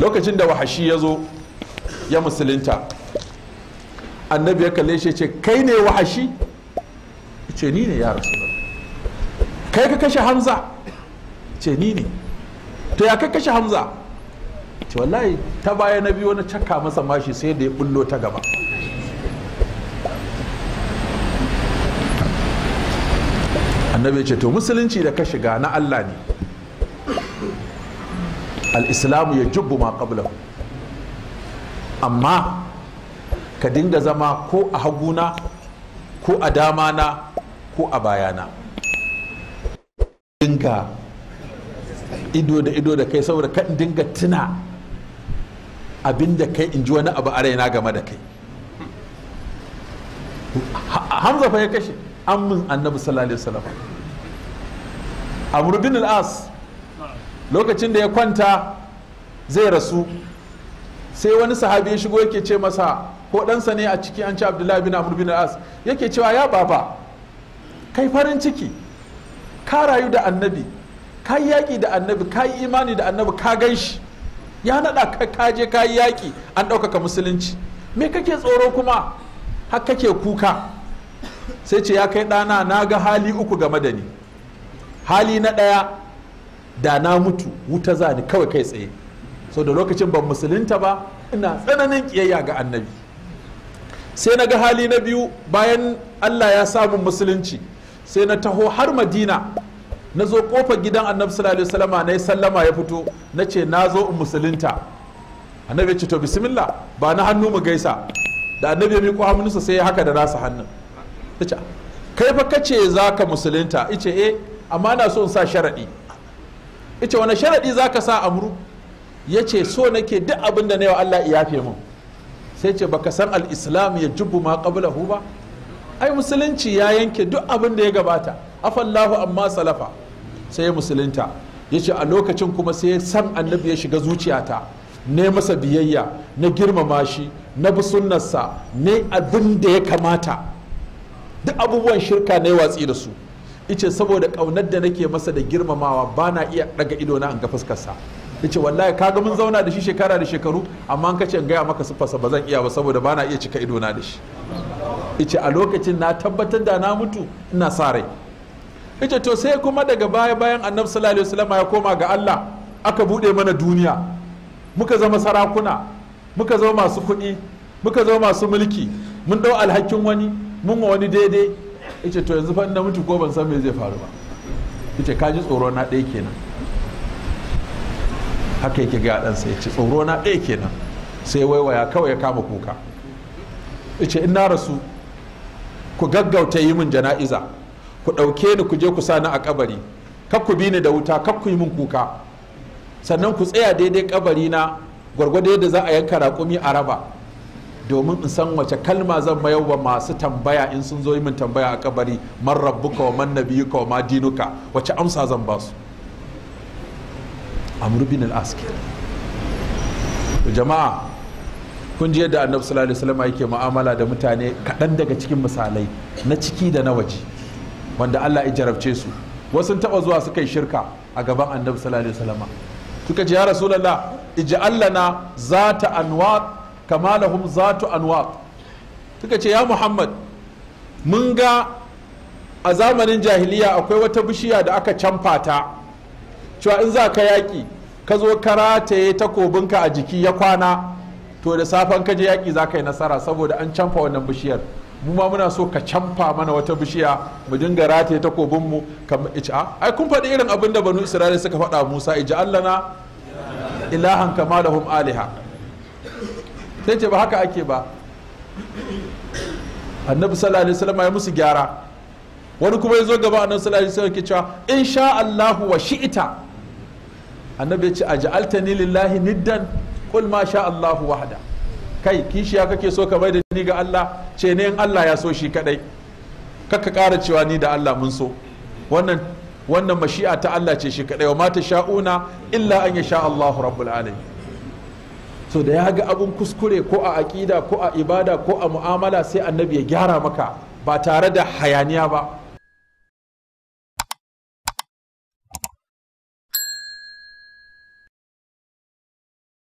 lokacin da wahashi ya zo ya musulunta annabi ya kalle shi ce kai ne wahashi ce ni ne ya rasu kai ka kashe hamza ce ni ne to ya ka kashe hamza ce wallahi ta baya na biyu wani cakka masa mashi sai da ya bullo ta gaba annabi ya ce to musulunci da ka shiga na allah ne Al'islamu ya jubbu ma qablahu amma ka dinga zama ko a haguna ko a damana ko a bayana dinga ido da ido da kai saboda kan dinga tuna abinda kai in ji wani abu a raina game da kai hamza fa ya kashe an mun annabi sallallahu alaihi wasallam amr bin al-as lokacin da ya kwanta zai rasu sai wani sahabi ya shigo yake ce masa ko ɗansa ne a ciki an ci abdullahi bin amur bin as yake cewa ya baba kai farin ciki ka rayu da annabi ka yi yaƙi da annabi ka yi imani da annabi ka gan shi ya naɗa ka kaje ka yi yaƙi an ɗaukaka musulunci me kake tsoro kuma har kake kuka sai ce ya kai ɗana na ga hali uku game da ni hali na ɗaya da na mutu wuta za ni kawai kai tsaye so da lokacin ban musulunta ba ina tsananin kiyayya ga annabi sai na ga hali na biyu bayan allah ya samu musulunci sai na taho har madina na zo kofa gidan annabi sallallahu alaihi wasallama na yi sallama ya fito na ce na zo in musulunta annabi ce to bismillah ba na hannu mu gaisa da annabi ya miƙo hannunsa sai ya haka da nasa hannun kai fa kace za ka musulunta ice eh amma na so in sa sharaɗi ita wani sharaɗi za ka sa amuru ya ce so nake duk abin da na wa Allah ya yafe min sai ce baka san al-islam ya jubu ma qablahu ba ai musulunci ya yanke duk abin da ya gabata afallahu amma salafa sai ya musulunta ya ce a lokacin kuma sai san annabi ya shiga zuciyata ne masa biyayya na girmama shi na bi sunnarsa ne abin da ya kamata duk abubuwan shirka ne watsi da su ice saboda kaunar da nake masa da girmamawa bana iya daga ido na an ga fuskarsa ice wallahi kaga mun zauna da shi shekara da shekaru amma an kace in gaya maka su fasa bazan iya ba saboda bana iya cika ido na da shi yace a lokacin na tabbatar da na mutu ina sa rai yace to sai kuma daga baya bayan annabi sallallahu alaihi wasallam ya koma ga Allah aka bude mana duniya muka zama sarakuna muka zama masu kuɗi muka zama masu mulki mun dau alhakin wani mun wa wani daidai yace to yanzu fa na mutu ko ban san me zai faru ba yace ka ji tsoro na ɗaya kenan haka yake ga dan sai ci tsoro na ɗaya kenan sai waiwaya kawai ya kama kuka yace in na rasu ku gaggauta yi min jana'iza ku ɗauke ni ku je ku sa ni a kabari kar ku bi ni da wuta kar ku yi min kuka sannan ku tsaya daidai kabari na gwargwado yadda za a yanka raƙumi a raba domin in san wace kalma zan mayar wa masu tambaya in sun zo min tambaya a kabari man rabbuka wa man nabiyuka wa ma dinuka wace amsa zan ba su amru bin aski jama'a kun ji yadda annabi sallallahu alaihi wasallam yake mu'amala da mutane kaɗan daga cikin misalai na ciki da na waje wanda Allah ya jarabce su wasu taɓa zuwa suka yi shirka a gaban annabi sallallahu alaihi wasallam suka ji ya rasulullah ij'al lana zata anwar kama zatu anwa suka ce ya muhammad mun ga a zamanin jahiliya akwai wata bishiya da aka canfa ta cewa in za ka yaƙi ka zo ka rataye takobinka a jiki ya kwana to da safen ka je yaƙi za ka yi nasara saboda an canfa wannan bishiyar mu ma muna so ka canfa mana wata bishiya mu dinga rataye takobinmu kamar ica ah, ai kun faɗi irin abin da banu isra'ila suka faɗa musa ija allana ilahan kama lahum aliha sai ce ba haka ake ba annabi sallallahu alaihi wasallam ya musu gyara wani kuma ya zo gaba annabi sallallahu alaihi wasallam ke cewa in sha Allahu wa shi'ita annabi ya ce aj'altani lillahi niddan qul ma sha Allahu wahda kai kishiya kake so ka bai da ni ga Allah ce ne in Allah ya so shi kadai kaka kara cewa ni da Allah mun so wannan wannan mashi'a ta Allah ce shi kadai wa ma ta sha'una illa an ya sha Allahu rabbul alamin so da ya ga abun kuskure ko a aƙida ko a ibada ko a mu'amala sai annabi ya gyara maka ba tare da hayaniya ba